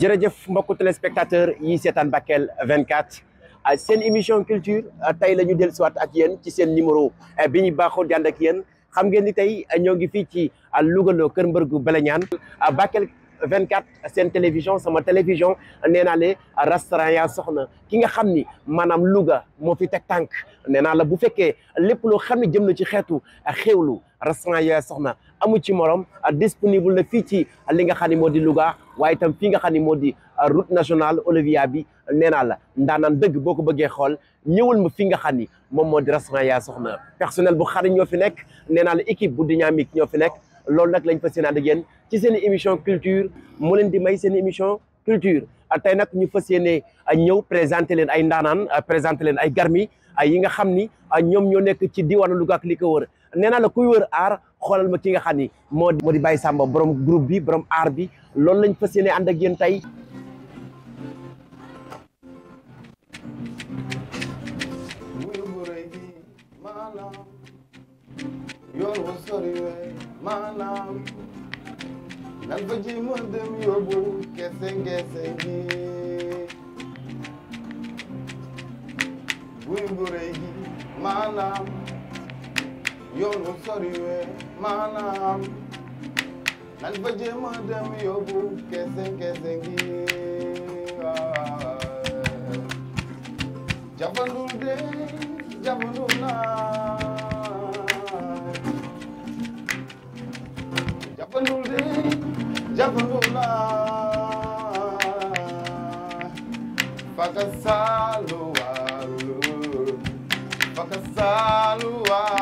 jërëjëf mbokku téléspectateur yi seetaan Bakel 24 ah, seen émission culture ah, tey la ñu dellusiwaat ak yéen ci seen numéro eh, bi ñu baaxoo di ànd ak yéen xam ngeen ni tey eh, ñoo ngi fii ci ah, Louga loo Kër Mbërgu Beleñaan Bakel 24 seen télévision sama télévision nee naa le restaurant yaa soxna ki nga xam ni maanaam Louga moo fi teg tànk nee naa la bu fekkee lépp loo xam ne jëm na ci xeetu xéewlu restaurant yaa soxna amu ci morom disponible na fii ci li nga xam moo di Louga waaye tam fii nga xam ne moo di route nationale Olivier bi nee naa la ndaanaan dëgg boo ko bëggee xool ñëwal ma fi nga xam ni moom moo di restaurant yaa soxna personnel bu xarañ ñoo fi nekk nee naa la équipe bu dynamique ñoo fi nekk loolu nag lañ fas yéene ànd ak yéen ci seen émission culture mu leen di may seen émission culture tey nag ñu fas yéene ñëw présenté leen ay ndaanaan présenté leen ay garmi yi nga xam ni ñoom ñoo nekk ci diwaanu Louga li ko wër xoolal ma ki nga xam ni moo moo di Baye Samba borom groupe bi borom aar bi loolu lañ fas yéene ànd ak yéen tey yoon wa sori we maanaam nan fa ji ma dem yóbbu kese ngese gi buy bu yoon wa sori we maanaam nan fa jéem a dem yóbbu kese kese gi de jafandu naa naa faka saalu waalu faka saalu waalu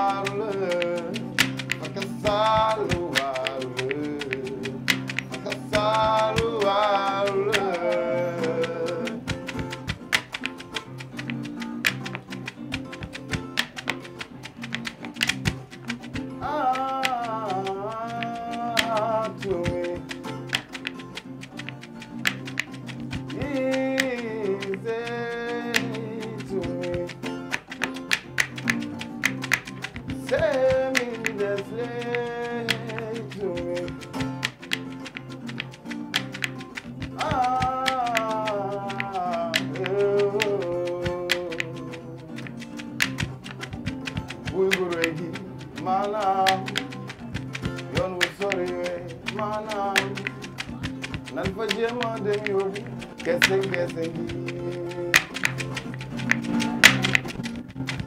Kesenge,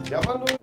Já falou.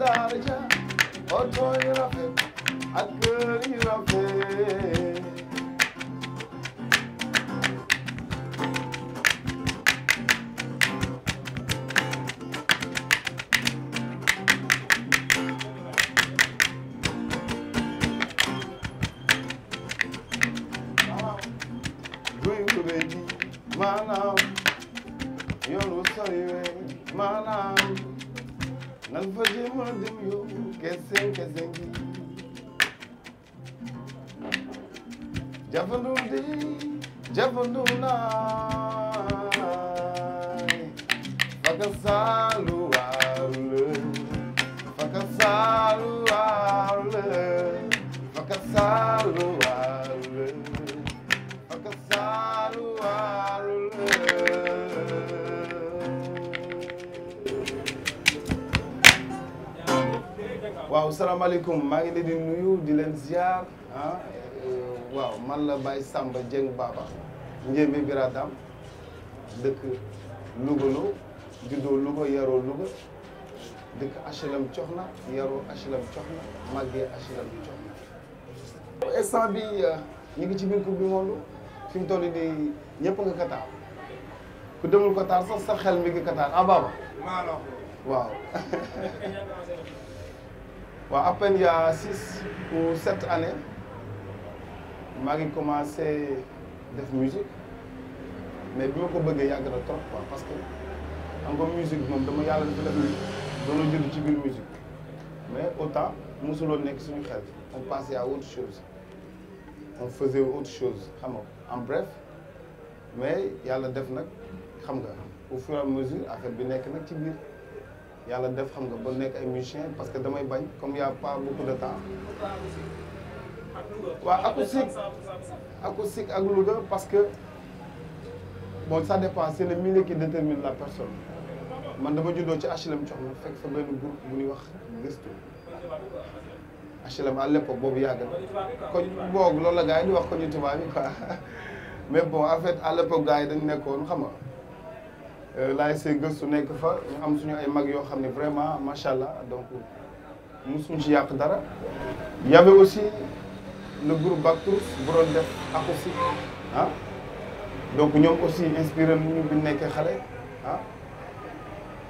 darja, or join a fit, a girl in a fit. waaw salaamaaleykum maa ngi leen di nuyu di leen ziar ah eh, waaw man la Baye Samba Dieng Baba Ndiémé Biradam dëkk Louga loo juddoo Louga yaroo Louga dëkk HLM Coxna yaroo HLM Coxna màggee HLM Coxna. instant bi euh, ñu ngi ci biir coupe du monde fi mu toll nii ñëpp nga Qatar ku demul Qatar sa xel mi ngi Qatar ah waaw. à peine il y a 6 ou 7 années, Marie commençait à faire la de musique. Mais je ne voulais pas trop parce que la musique, je la musique. Mais autant, nous sommes On passait à autre chose. On faisait autre chose. En bref, mais il y a la def au fur et à mesure, affaire bi nekk de la musique. Yalla def xam nga ba nek ay musiciens parce que damay bañ comme y' a pas beaucoup de temps. wa acoustique acoustique ak Louga parce que bon ça dépend c' le milieu qui détermine la personne man dama juddoo ci HLM ci Coxna fekk fa benn groupe bu ñuy wax gëstu HLM à l'époque bobu yag yàgg na koñ boog loolu la gars yi di wax ko ñu tuba yi quoi mais bon en fait à l'époque époque gars yi dañ nekkoon xam nga. Euh, l'ASC gëstu nekk fa ñu am suñu ay mag yoo xam vraiment macha allah donc mosuñu ci yàq dara. y avait aussi le groupe Bactous bu doon def acoustique ah donc ñoom aussi inspiré nous bi nekkee xale ah.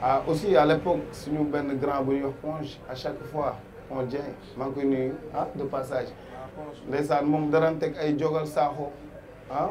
ah aussi à l'époque suñu benn grand bu ñuy Ponge à chaque fois on dirait maa ngi koy ah de passage. ndeysaan moom daraan teg ay jogal saaxo ah.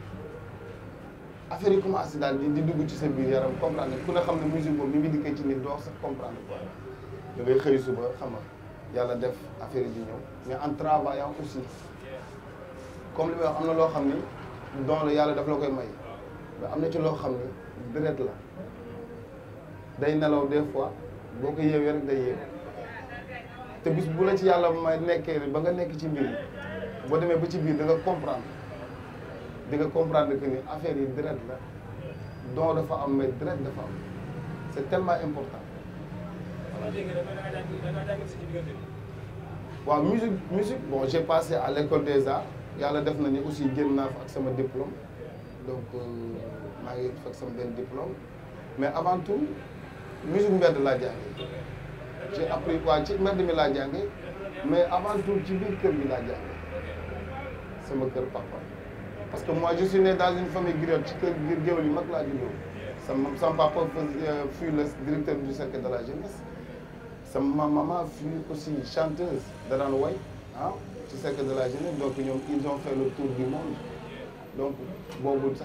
affaire yi commencé daal di dugg ci sa biir yaram comprendre ku ne xam ne musique boobu mi ngi dikkee ci nit doo sax comprendre quoi da xëy suba xam nga yàlla def affaire yi di ñëw mais en travaillant aussi comme li may am na loo xam ni don la yàlla daf la koy may mais am na ci loo xam ni deret la day nelaw des fois boo ko yeewee rek day yeew te bis bu la ci yàlla ma nekkee ba nga nekk ci mbir boo demee ba ci biir da nga comprendre de comprendre que l'affaire affaire yi deret la don dafa am C'est deret dafa tellement important. Wa musique musique bon j'ai passé à l'école des arts yàlla def nañu aussi génn naa fa ak sama diplôme donc euh, maa ngi fekk sama benn diplôme mais avant tout musique de la jàngee j'ai appris quoi ci suis mi la jàngee mais avant tout ci biir kër la laa C'est sama cœur papa. Parce que moi, je suis né dans une famille griotte, je suis papa euh, fut le directeur du cercle de la jeunesse. Ma maman fut aussi chanteuse dans le hein, ah, du cercle de la jeunesse. Donc, ils ont fait le tour du monde. Donc, bon, Donc,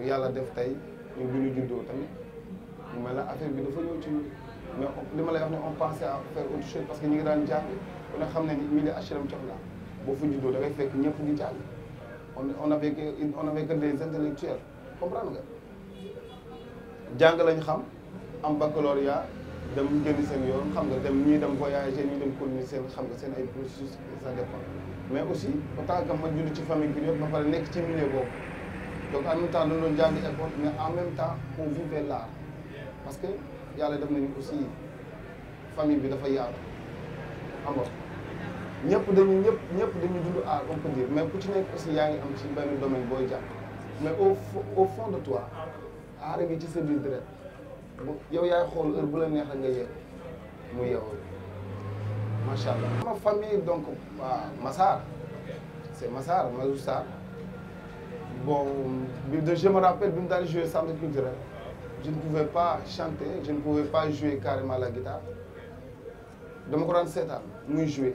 il y a la il du dos. Mais Mais on pensait à faire autre chose parce que nous avons a boo fa juddoo da ngay fekk ñëpp di jàng on on avait que on avait que des intellectuels comprendre nga jàng lañ xam am baccalauréat dem génn seen yoon xam nga dem ñii dem voyager ñii dem colonie seen xam nga seen ay processus ça dépend mais aussi autant que ma judd ci famille bi yëpp ba pare nekk ci milieu boobu donc en même temps dañu doon jàng école mais en même temps on vivait là, parce que yàlla def nañu aussi famille bi dafa yaatu xam ñëpp dañu ñëpp dund à on peut dire mais ku ci nekk aussi yaa ngi am ci benn domaine booy jàpp mais au au fond de toi aar ngi ci sa biir direct bu yow yaay xool heure bu la neex nga yeew mu yeewul macha allah. ma famille donc masar Massar masar masu Massar Sarr bon bi de je me rappelle bi mu daal jouer centre culturel je ne pouvais pas chanter je ne pouvais pas jouer carrément la guitare dama ko daan seetaan muy jouer.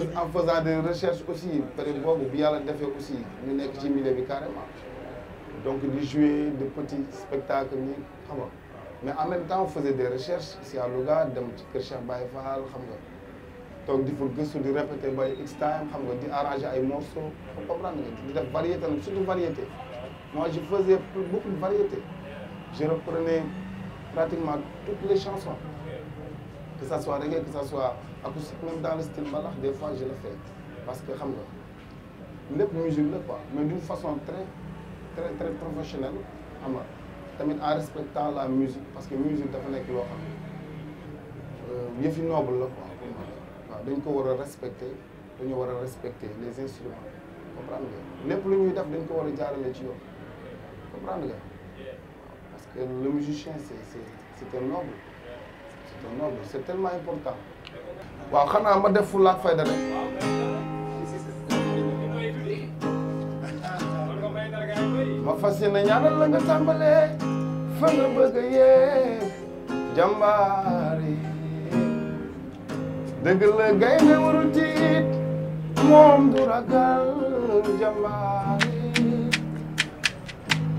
en faisant des recherches aussi par bi yàlla defee aussi ñu sommes ci milieu bi carrément donc de jouer de petits spectacles mais en même temps on faisait des recherches ici à Louga dem ci kër Cheikh Baye Fall xam nga di répéter X time xam nga arranger ay morceaux xam comprendre il y a variété variétés, surtout variété moi je faisais beaucoup de variétés. je reprenais pratiquement toutes les chansons que ça soit reggae que ça soit acoustique même dans le style mbalax des fois je le fais parce que xam nga lépp musique la quoi mais d'une façon très très très professionnelle xam nga tamit en respectant la musique parce que musique dafa une loo xam ne euh, yëfi noble la quoi pour moi respecter dañu respecter les instruments comprendre nga lépp lu ñuy def dañ ko war a jaarale ci yoon comprendre nga parce que le musicien c'est c'est c'est un noble c'est un noble c'est tellement important waaw xanaa ma def fulla ya? ak fayda rek ma fas yéene ñaanal la nga tàmbalee fa nga bëgg a yeeg jàmbaar yi dëgg la gaynde warul tiit moom du ragal jàmbaar yi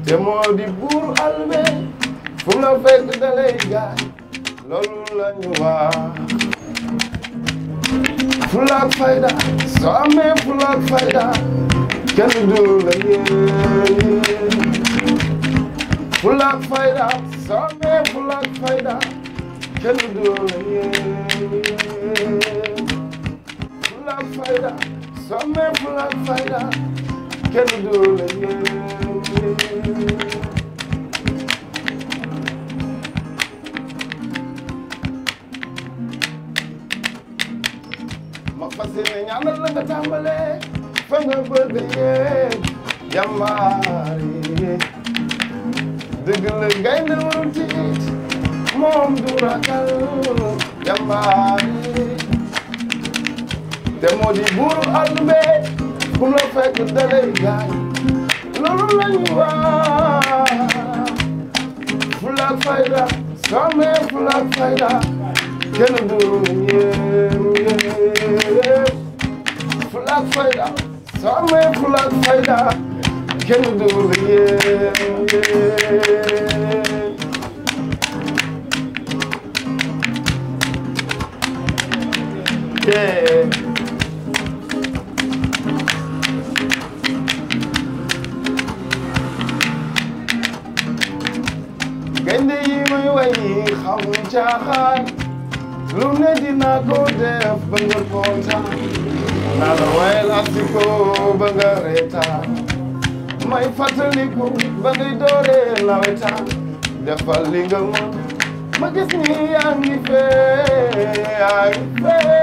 te moo di buur alme fu la fekk da gaañ loolu la ñu wax Flag fighter, some flag fighter. Can you do it? Yeah, Flag fighter, some flag fighter. Can you do it? Yeah, Flag fighter, some flag fighter. Can you do it? yeah. nga tàmbalee fa nga bëgg yéen jàmbaar yi dëgg la gaynde waru tiit moom du ragal jàmbaar te moo di buuru àdduna kum la fekk dalay gaañ loolu la ñu wax fulla fayda soo amee fulla ak fayda kenn du ñeem fayda sama fulla fayda kenn du yéen yéen gaynde yi muy way xam caaxaan lu ne dina ko def ba nga la wayal asiko ba nga reetaan may fàttaliku ba ngay dooree nawetaan defal li ma gis ni yaa ngi fee yaa ngi fee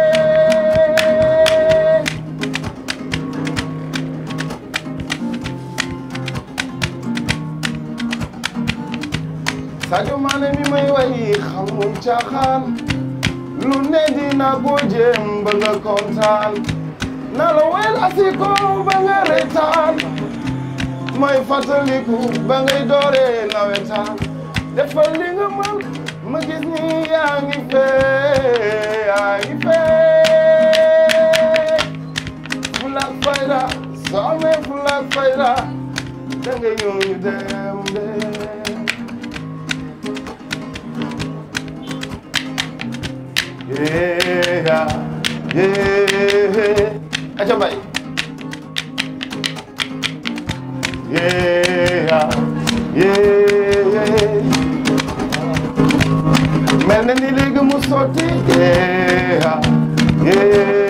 Sadio Mané mi may way xamul caaxaan lu ne dina ko jéem ba nga kontaan na la welasi ko ba nga retaan mooy fàttaliku ba ngay dooree nawetaan defal li nga mën ma ni yaa ngi fee yaa ngi fee fulak fayda soo amee fulak fayda da nga ñëw ñu 예야 예아 잠깐만 예야 예 맨날 이 리그 무서워 예야 예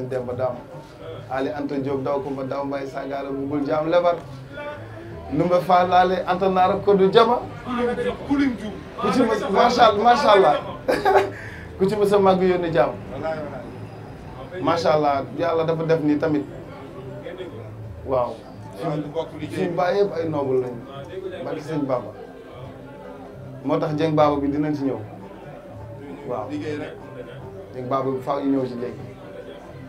dem Demba Dam Ali Anta Diop daw ko ma daw mbay sagara bugul jaam lebar numbe falale antanara kodu jama ku ci ma macha allah macha allah ku ci ma sa màgg yónni jaam macha allah yàlla dafa def nii tamit waaw fi mbaa yëpp ay noble lañu barki sëñ Bamba moo tax Dieng Baba bi dinañ ci ñëw waaw Dieng Baba bi faaw ñu ñëw léegi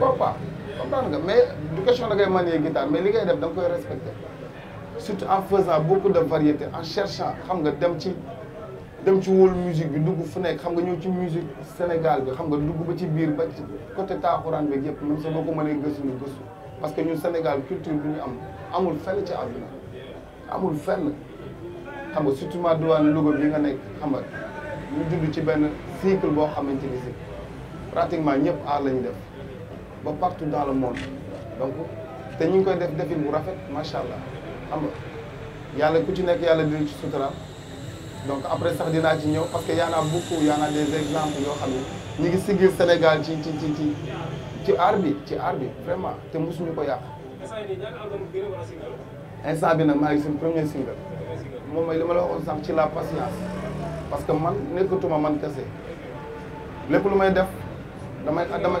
pa pas comprendre nga mais du question da ngay manier guitare mais li ngay def da nga koy respecté surtout en faisant beaucoup de variétés en cherchant xam nga dem ci dem ci wóolu musique bi dugg fu nekk xam nga ñëw ci musique Sénégal bi xam nga dugg ba ci biir ba ci côté taaxuraan bi yëpp même sa boo ko mënee gëstu ñu gëstu parce que ñu Sénégal culture bi ñu am amul fenn ci àdduna amul fenn xam nga surtout ma diwaan Louga bi nga nekk xam nga ñu judd ci benn cycle boo xamante ni si pratiquement ñëpp aar la def ba partout dans le monde donc te ñu ngi koy def defin bu rafet macha allah xam nga yàlla ku ci nekk yàlla dina ci sutura donc après sax dinaa ci ñëw parce que y en a beaucoup y a des exemples yoo xam ne ñu ngi sigil Sénégal ci ci ci ci ci aar bi ci aar bi vraiment te mosuñu ko yàq. instant bi nag maa ngi suñu premier single. moom mooy li ma la waxoon sax ci la patience parce que man nekkatuma man kese lépp lu may def damay damay.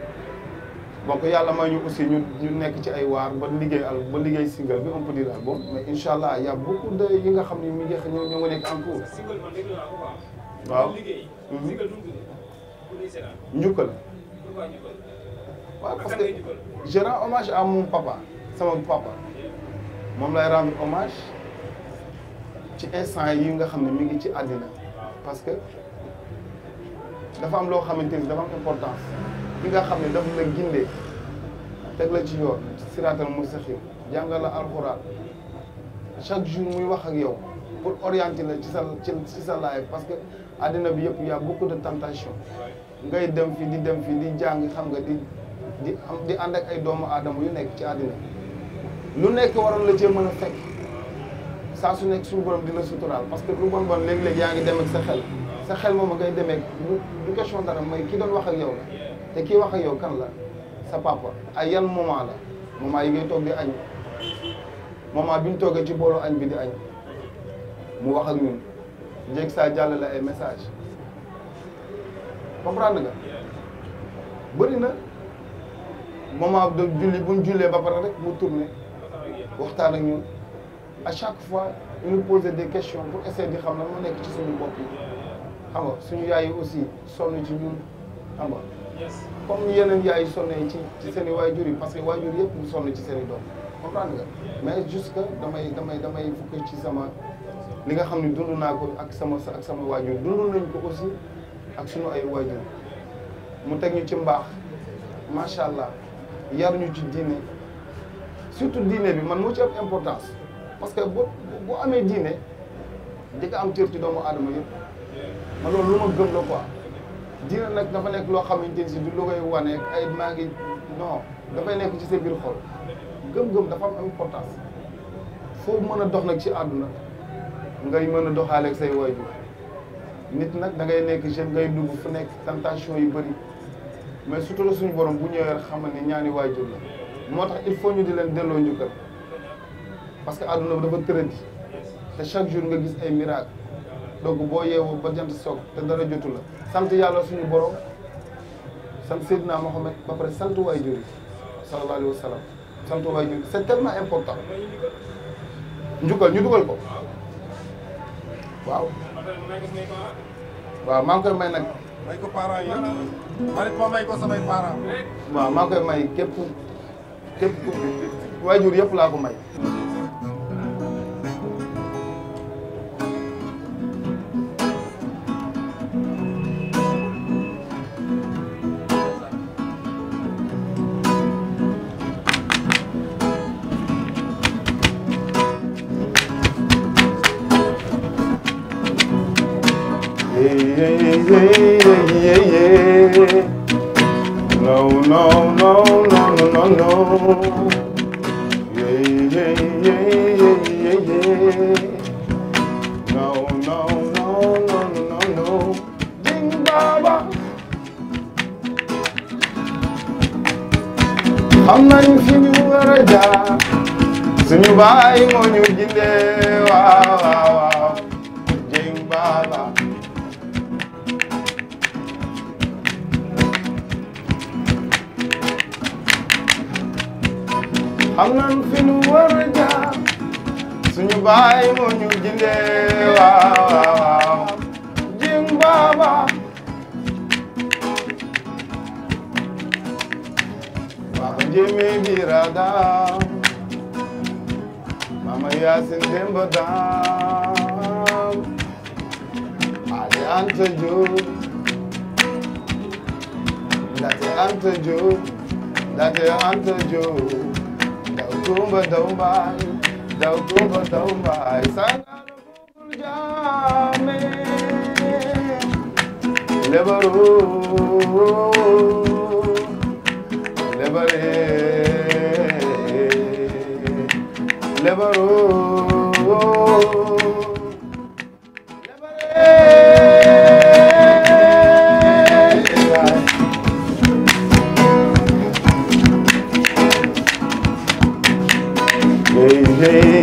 bokk yàlla may ñu aussi ñu ñu nekk ci ay waar ba liggéey al ba liggéey single bi on peut dire album mais incha allah y' a beaucoup yi nga xam ni mi ngi ñoo ñoo ngi nekk en waaw. Mhm. njukkal. waaw parce que je rends hommage à papa sama papa moom lay rendre hommage ci instant yi nga xam ne mi ngi ci àddina parce que dafa am loo xamante ni dafa am importance. ki nga xam ne daf la gindee teg la ci yoon siraatal mustaqim jàngal la alxuraan chaque jour muy wax ak yow pour orienter la ci sa ci sa life parce que àddina bi yëpp y a beaucoup de tentation ngay dem fi di dem fii di jàng xam nga di di am di ànd ak ay doomu aadama yu nekk ci àddina lu nekk waroon la cee mën a fekk saa su nekk suñu borom dina suturaal parce que lu bon bon léeg-léeg yaa ngi dem ak sa xel sa xel moom a ngay demee du question dara mooy ki doon wax ak te kii wax a yow kan la sa papa ay yan moment la moment yi ngay toog di añ moment bi ñu toogee ci boolu añ bi di añ mu wax ak ñun njëkk saa jàllale ay message comprendre nga bëri na moment de julli bu ñu jullee ba pare rek mu tourné waxtaan ak ñun à chaque fois il nous de question questions pour essayer di xam na moo nekk ci suñu bopp yi xam nga suñu yaay yi aussi sonn ci ñun xam nga. comme yeneen yaay sonné ci ci seen i waajur yi parce que waajur yëpp ñu sonn ci seen i doom comprendre nga mais jusque damay damay damay fukk ci sama li nga xam ne dund naa ko ak sama ak sama waajur dund nañ ko aussi ak sunu ay waajur mu teg ñu ci mbaax macha allah yar ñu ci diine surtout diine bi man moo ci am importance parce que bu boo amee diine di nga am cër ci doomu aadama yëpp man loolu lu ma gëm la quoi. diine nag dafa nekk loo xamante ni si du lu koy wane ay maa ngi non dafay nekk ci sa biir xol gëm-gëm dafa am importance foo mën a dox nag ci àdduna ngay mën a doxaale ak say waajur nit nag da ngay nekk jeune ngay dugg fu nekk tentation yu bëri mais la suñu borom bu ñëwee rek xam ne ñaani waajur la moo tax il faut ñu di leen delloo njukkal parce que àdduna bi dafa tëradi te chaque jour nga gis ay miracle donc boo yeewoo ba jant soog te dara jotu la sant yàlla suñu borom sant Seydina Mohamed ba pare sant waajur yi sallallahu alayhi wa sallam sant waajur yi c'est tellement important njukkal ñu dugal ko waaw waaw maa koy may nag may ko parents yi ma ne ma may ko samay parents waaw maa koy may képp képp waajur yëpp laa ko may to do. That you have to do. That you have to do. Daukumba daumba, daukumba daumba, sana jame. Never. Never. Never. yeah,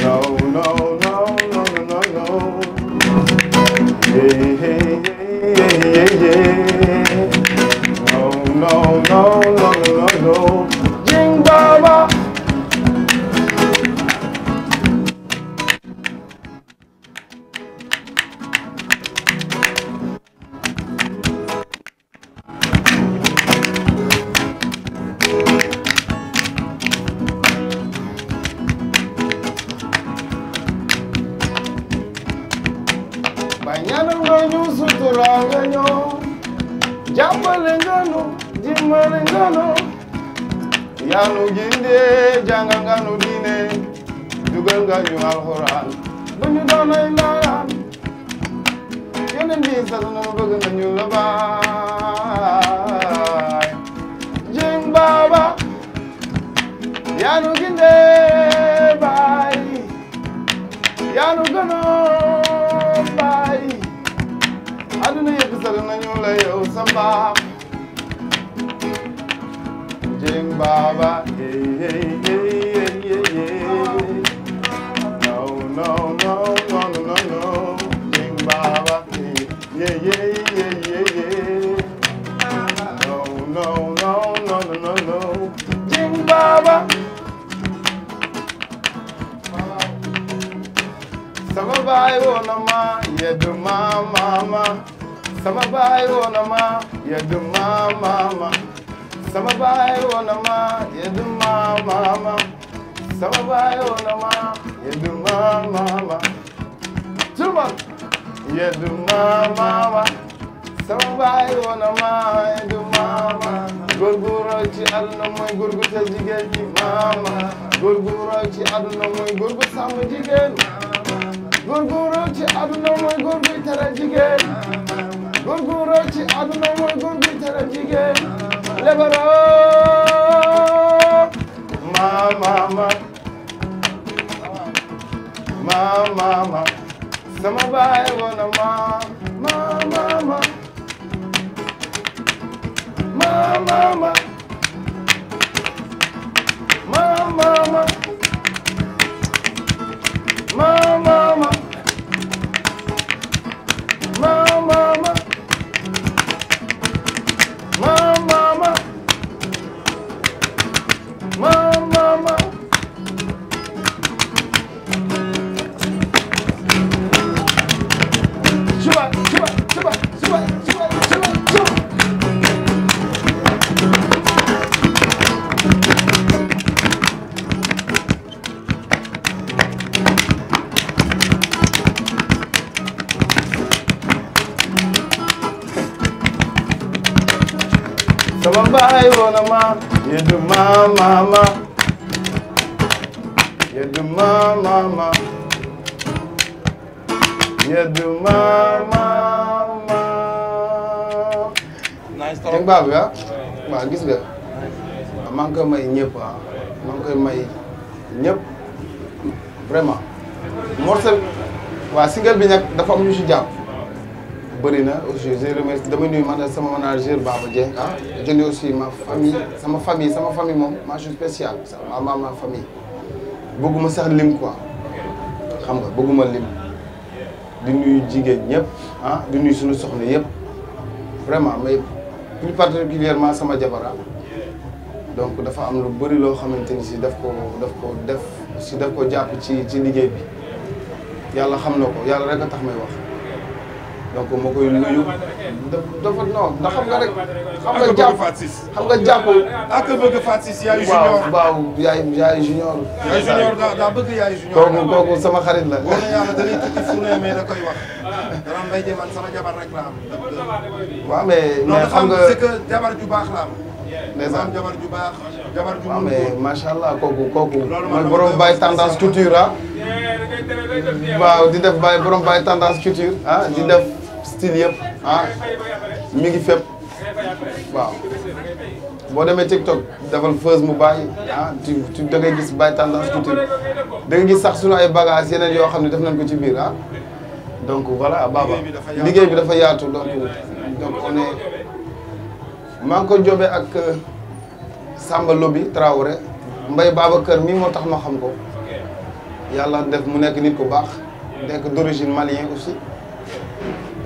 No, no, no, no, no, no, yeah. jamalengano jimalengano yanu jinde janganganu dine dugal ganyu alquran buñu doonay laan yeneen bi sa na ma bëgg nañu la baay jing baba yanu jinde baay yanu gënoo sân na nhu la yo samba jing baba hey hey hey hey hey no no no no no no no jing baba hey yeah yeah yeah yeah yeah no no no no no no no jing baba Sababa yo nama yeduma mama, mama. sama baay woo na ma yeddu ma maama sama baay woo na ma yeddu ma maama sama baay woo na sama baay woo na ma yeddu maama góorgóoroo ci àdduna mooy góorgu ji maama góorgóoroo ci àdduna mooy góorgu sàmm jigéen góorgóoroo ci àdduna mooy góorgu tere góorgóorloo ci àdduna mooy góor gi tere jigéen lebaroo maamaama maamaama sama baay wala maamaama maamaama maamaama Bye, Bonama. You do my mama. You do my mama. You do my mama. Nice talk. Thank Bob, yeah? Bagis gak? Amang ke mai nyep ah. Amang ke mai nyep. Vraiment. Morceau wa single bi nak dafa am ñu ci japp bëri na aussi je remercie dama nuyu man sama manager Baba Dieng ah je aussi ma famille sama famille sama famille ma chose spéciale ma ma ma famille bëgguma sax lim quoi xam nga bëgguma lim di nuyu jigéen ñëpp hein ah, di nuyu suñu soxna yëpp vraiment mais plus particulièrement sama jabara ah. donc dafa am lu bari lo xamanteni ni si daf ko daf ko def si daf ko japp ci ci liggéey bi yalla xam ko rek tax may wax donc ma koy nuyu. dafa ndax xam nga rek. xam nga jàpp xam nga jàpp. ak yaay junior waaw yaay yaay junior. yaay junior sama xarit la. boo nee da koy wax. dara waaw mais mais xam nga c'est que ju baax la am. ndeysaan jabar ju baax. jabar ju waaw mais macha allah kooku mooy borom bàyyi tendance culture ah. waaw di def bàyyi borom bàyyi tendance culture ah di def. style yëpp ah ngi fépp waaw boo demee TikTok defal fës mu bàyyi ah tu tu da ngay gis bàyyi tendance couture da gis sax sunu ay bagages yeneen yoo xam ne def nañ ko ci biir ah donc voilà Baba liggéey bi dafa yaatu donc donc on ngi ko jobee ak euh, Samba Lobi mbay Mbaye kër mi moo tax ma xam ko yàlla def mu nekk nit ku baax nekk d'origine malien aussi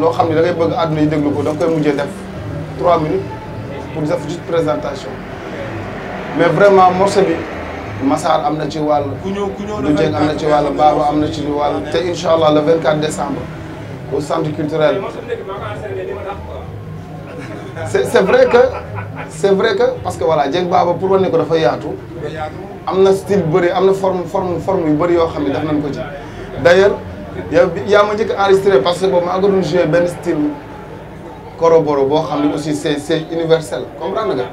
loo xam ne da ngay bëgg àdduna yi déglu ko da nga koy def trois minutes pour def petite présentation mais vraiment morceau bi Massar am na ci wàll du Dieng am ci wàll Baba am na ci le 24 décembre au centre culturel c'est c'est vrai que c'est vrai que parce que voilà Dieng Baba pour moi n'est dafa yaatu am na style bëri am forme forme forme yu bëri yoo nañ ko ci d'ailleurs yow yaa ma njëkk enregistré parce que boobu maa ngi doon joué benn style coroboro boo xam ne aussi c'est c'est universel comprendre nga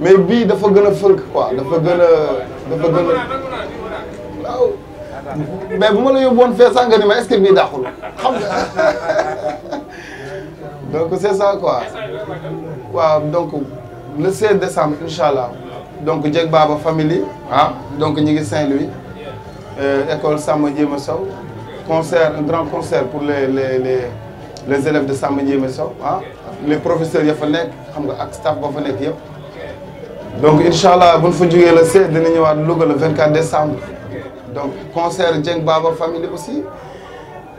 mais bii dafa gën a fënk quoi dafa gën a dafa gën a mais bu ma la yóbbu woon fee sax nga ni est-ce que bii dàqul xam donc c'est ça quoi waaw donc le 16 décembre incha allah donc Dieg Baba famille ah donc ñu ngi Saint-Louis euh, école Samba Jéema concert, un grand concert pour les, les, élèves de saint médié ah. les professeurs ya sont xam staff donc Inch'Allah, le le 24 décembre donc concert djeng Baba aussi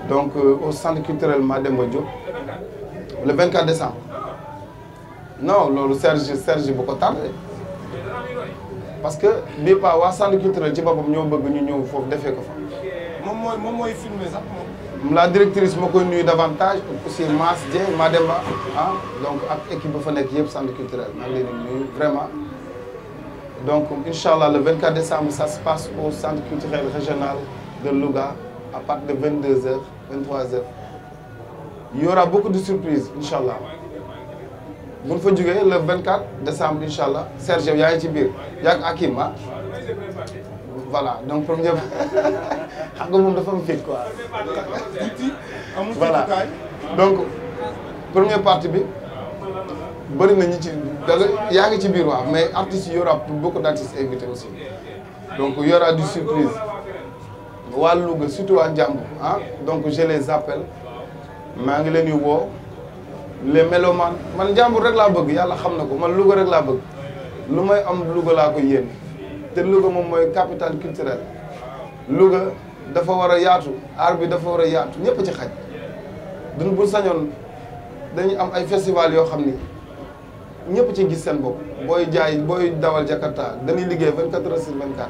donc euh, au centre culturel Madame. le 24 décembre non le Serge Serge bu ko parce que mais pas au centre culturel ci moom moi filmé la directrice ma koy davantage, davantage aussi Mass Mademba ah, donc avec équipe de centre culturel vraiment. donc le 24 décembre ça se passe au centre culturel régional de Louga à partir de 22h 23h. il y aura beaucoup de surprises Inch'Allah. Vous le 24 décembre inchallah Serge yaa ci biir yaa ngi Hakim ah? voilà donc première ñëpp voilà donc première partie bi y a ci mais artistes y aura beaucoup d'artistes invités aussi donc y aura du surprise surtout ah, donc je les appelle Je les les mélomanes Je suis rek bëgg Je xam na ko man te Louga moom mooy capitale culturelle Louga dafa war a yaatu aar bi dafa war a yaatu ñëpp ci xaj duñ bu sañoon dañu am ay festival yoo xam ni ñëpp ci gis seen bopp booy jaay booy dawal Jakarta dañuy liggéey 24 heures sur 24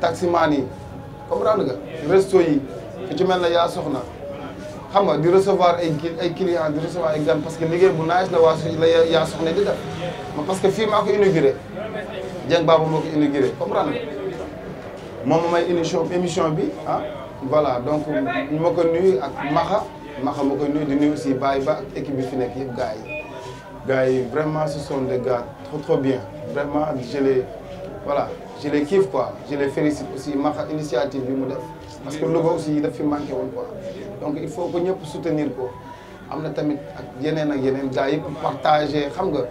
taximaan yi comprendre nga resto yi ku ci mel na yaa soxna xam nga di recevoir ay ay clients di recevoir ay gan parce que liggéey bu nice la waa di def parce que fii maa ko inauguré Dieng Babou moo ko inauguré comprendre moom may émission émission bi ah voilà donc ma ko nuyu ak Maha Maxa ma koy di aussi Baye équipe bi fi nekk yëpp gars vraiment ce sont des gars trop trop bien vraiment je les voilà je les kiffe quoi je les félicite aussi Maha, initiative bi mu def parce que gars aussi il fi fait manquer quoi donc il faut que ñëpp soutenir ko am na tamit ak yeneen ak yeneen gars yëpp xam nga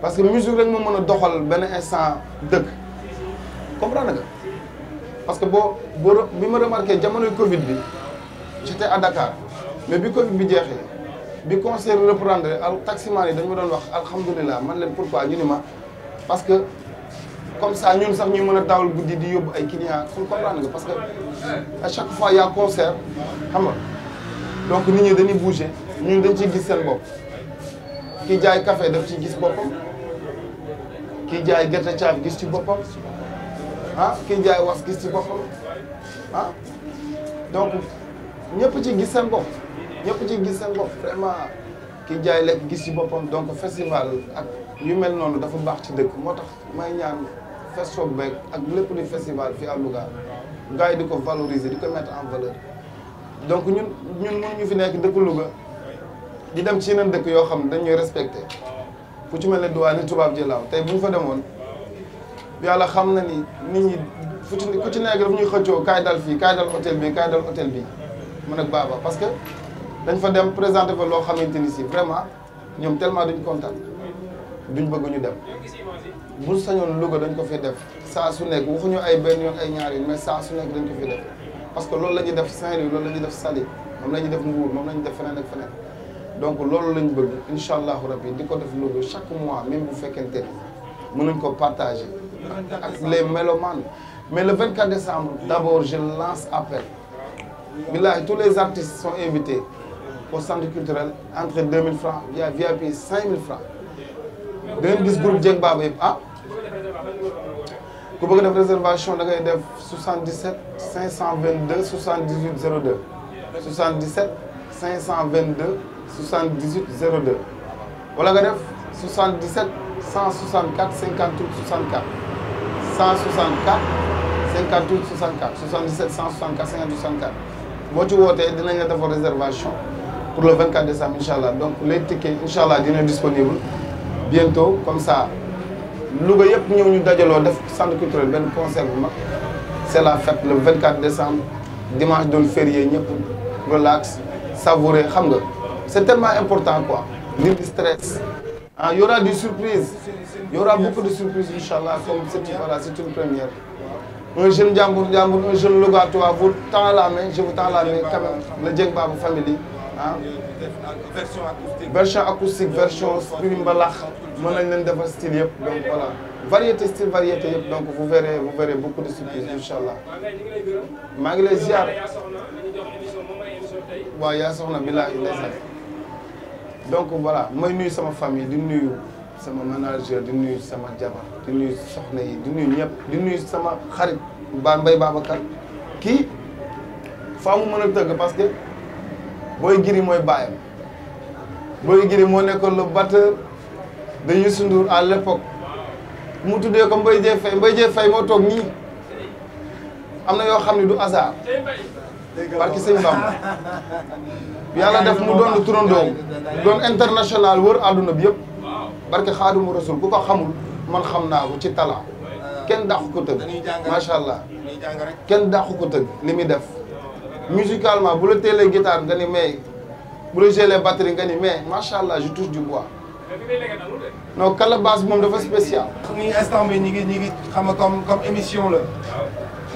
parce que musique rek meuna doxal instant parce que je bi remarqué Covid j'étais à Dakar mais bi Covid bi bi concert reprendre al taxi yi ma wax pourquoi parce que comme ça ñun sax ñu di parce que à chaque fois y a concert xam donc ñi bouger ñun dañ ci gis ki jaay café kii jaay gerte caaf gis ci boppam ah kii jaay was gis ci boppam ah donc ñëpp ci gis seen bopp ñëpp ci gis seen bopp vraiment kii jaay lekk gis ci boppam donc festival ak yu mel noonu dafa baax ci dëkk moo tax may ñaan festival beeg ak lépp luy festival fii à Louga gars di ko valoriser di ko mettre en valeur donc ñun ñun ñu fi nekk dëkk Louga di dem ci yeneen dëkk yoo xam ne dañuy respecté ku ci mel ne duwaa ni tubaab jëlaaw tey bu ñu fa demoon yàlla xam na ni nit ñi fu ci ku ci nekk daf ñu xëccoo kaay dal fii kaay dal hôtel bi kaay dal hôtel bi man ak baaba parce que dañ fa dem présenté fa loo xamante ni si vraiment ñoom tellement duñ kontaan duñ bëgg ñu dem bu sañoon Louga dañ ko fi def saa su nekk waxuñu ay benn yoon ay ñaar yoon mais saa su nekk dañ ko fi def parce que loolu la ñuy def saint loolu la ñuy def Saly moom la ñuy def Mbour moom la def feneen ak feneen donc lolo lañ bëgg inshallah rabi di def chaque mois même bu fekkente ni mën nañ ko partager les mélomanes mais le 24 décembre d'abord je lance appel billahi tous les artistes sont invités au centre culturel entre 2000 francs via VIP 5000 francs da ngeen groupe Dieng Baba Vous ah ku bëgg def réservation da ngay def 77 522 78 02 77 522 7802 77 164 58 64 164 58 64 77 164 64 réservation pour le 24 décembre Inch'Allah. donc les tickets Inch'Allah, bientôt comme ça Louga culturel la fête le 24 décembre dimanche d'un férié pour relax savouré c'est tellement important quoi. Ni du stress. Il ah, y aura des surprises. Il y aura beaucoup de surprises, Inch'Allah, comme c'est une première. Un jeune Djambour Djambour, un jeune Logatoa, vous tend la main, je vous tends la main quand même. Le Djeng Babou Family. Hein? Version acoustique. Version acoustique, version Mon nom de style, donc voilà. Variété, style, variété, donc vous verrez, vous verrez beaucoup de surprises, Inch'Allah. Manglé Ziar. Ouais, Yassona, Bilal, il est donc voilà may nuyu sama famille di nuyu sama manager di nuyu sama djaba, di nuyu soxna yi di nuyu ñep, di nuyu sama xarit ba Mbaye Babacar ki faa mëna mën parce que Boy Giri moy bayam. Boy Giri mo nekkoon le batteur de Youssou à l'époque mu tuddee ko Mbaye djé fay, Mbaye djé fay mo tok ni. Amna yo xamni du hasard barki sëñ Bamba yàlla def mu doon turandoom doon international wër àdduna bi yëpp barke xaadimu rasul ku ko xamul man xam naa ko ci talaa kenn dàqu ko tëgg macha allah kenn dàqu ko tëgg li muy def musicalement bu la teelee guitare nga ni mais bu la jëlee batterie nga ni mais macha allah je touche du bois non calebasse moom dafa spécial. ni instant bi ñu ngi ñu ngi xam comme comme émission la.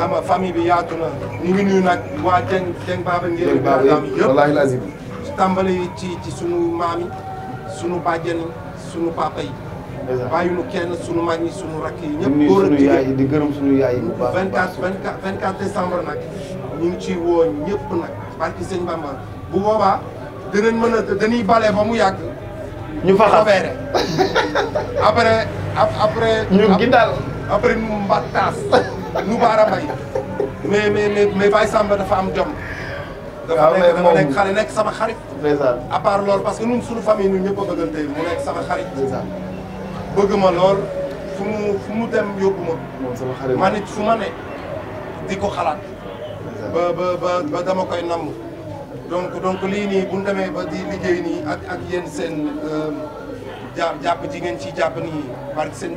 xam nga famille bi yaatu na ñu ngi nuyu nag waa Dieng Dieng Baba Ndiéli. Dieng Baba yëpp wallaahi tàmbali ci ci sunu maam sunu bàjjen sunu papa yi. bàyyinu kenn sunu mag ñi sunu rakk yi. ñëpp góor ak jigéen di gërëm sunu yaay yi bu baax 24 24 nag ñu ngi ciy woo ñëpp nag barki sëñ Bamba bu boobaa danañ mën da dañuy bale ba mu yàgg. ñu fa xam après après. ñu gindaal après mu mbattaas. ak nu baara mbay mais mais mais mais Baye Samba dafa am jom. waaw mais moom dafa nekk xale nekk sama xarit. ndeysaan par part loolu parce que ñun suñu famille ñun ñëpp a bëggante mu nekk sama xarit. ndeysaan bëgg ma lool fu mu fu mu dem yóbbu ma. moom sama fu ma ne di ko xalaat. ba ba ba dama koy namm. donc donc lii nii bu demee ba di liggéey nii ak ak yéen seen euh, jàpp jàpp ji ngeen ciy jàpp nii parce que seen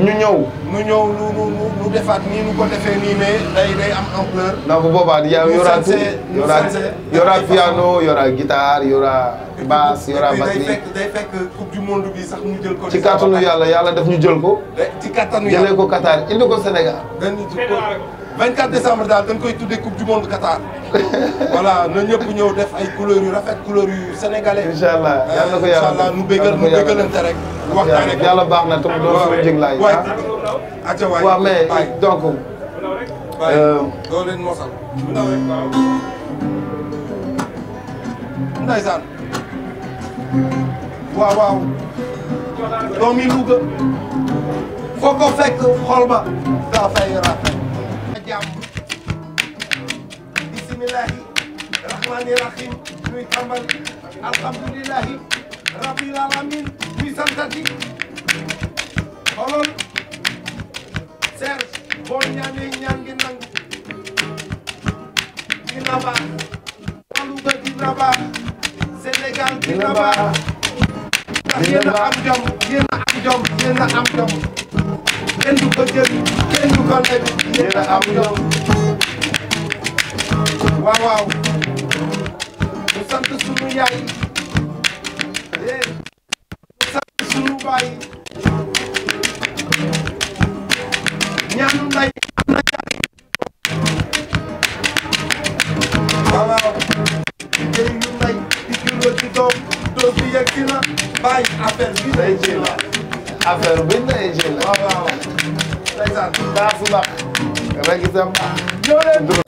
ñu ñëw ñu ñëw nu nu nu defaat ni nu ko defee nii mais day day am ampleur. non bu boobaa y' a y' aura tout y' aura piano y' aura guitare y' aura basse y' aura batterie. day fekk day sax mu jël ko. ci kattanu yàlla yàlla def ñu jël ko. Eh, ci kattanu yàlla jëlee ko Qatar indi ko Sénégal. 24 décembre il y koy des coupe du monde Qatar. voilà na ñëpp des def des couleurs couleurs sénégalais. incha allah yàlla na ko eh, yàlla bëggal nu bëggalante rek. donc. couleurs. leen mosal. couleurs. des couleurs. Bismillahirrahmanirrahim. ñuy tàmbali Alhamdulillah. rabbil lalamin, bisa tadi Tolong. Ser. boo ñaanee nang kinaba, Lalu dina baax Senegal dina baax Sénégal dina baax ndax yéen a am jom yéen a am jom yéen wow wow. sant sunu yaay eh, di sant sunu baay ñaanu eh, nday am na jariñ waaw waaw jëriñu nday di juróom ci doom doom bi yegg na bàyyi affaire bi day jël affaire bi day jël waaw waaw ndeysaan daa fu baax rek itam ñoo leen